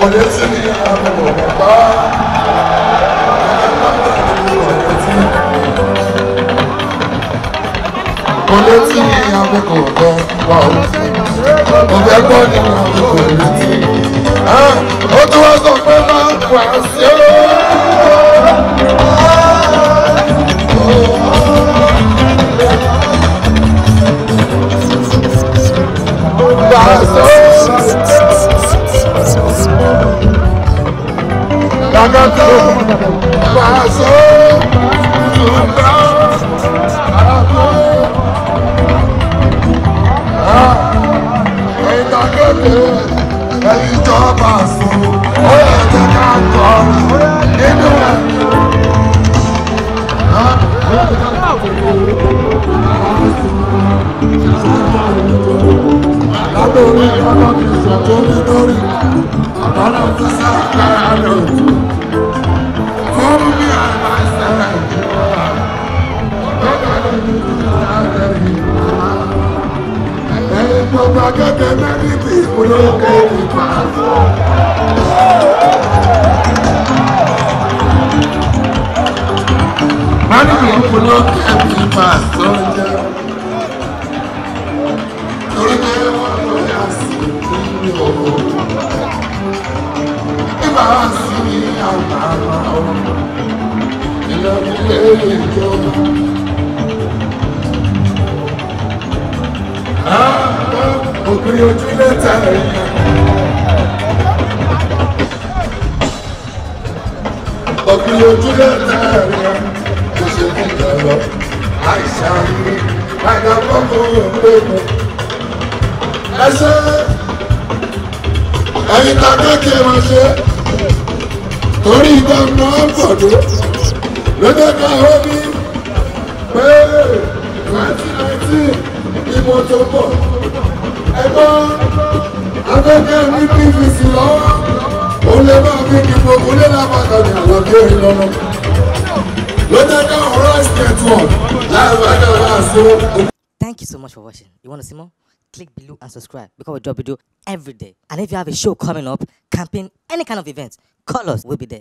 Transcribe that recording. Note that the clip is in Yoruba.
àkọlé tí ní àbọ̀wọ̀ bàbá àkọlé tí ní àbọ̀wọ̀ bàbá ọ̀bẹ gbọ́ ní àbọ̀wọ̀ létí ó tún wá sọ pé ẹni tó bá sùn ó yẹ kí ká kọ́ nínú ẹ̀. Lábẹ́ orí ọlọ́run ìṣòtò nítorí. gbogbo akẹ́kẹ́ mẹ́rìndì ìpolówó ìgbà tó. mẹ́rìndì ìpolówó ìgbà tó ń jẹ́. torí pé wọ́n lọ yà sí ní òru. ìgbà wà sí ní àgbà àgbà ọ̀rọ̀. òpin ojú mẹ́ta rẹ̀. òpin ojú mẹ́ta rẹ̀ kò ṣe fún ìdàlọ́ àìsàn mi àgbàpọ̀mù òpin. ẹ ṣe ẹyin ta kékeré máa ṣe torí ìgbà máa ń pọ̀ tó lọ́jọ́ kan ó ní pé twenty nineteen ni mo tó bọ̀. Thank you so much for watching. You want to see more? click below and subscribe because we drop video every day. And if you have a show coming up, camping, any kind of event, call us, we'll be there.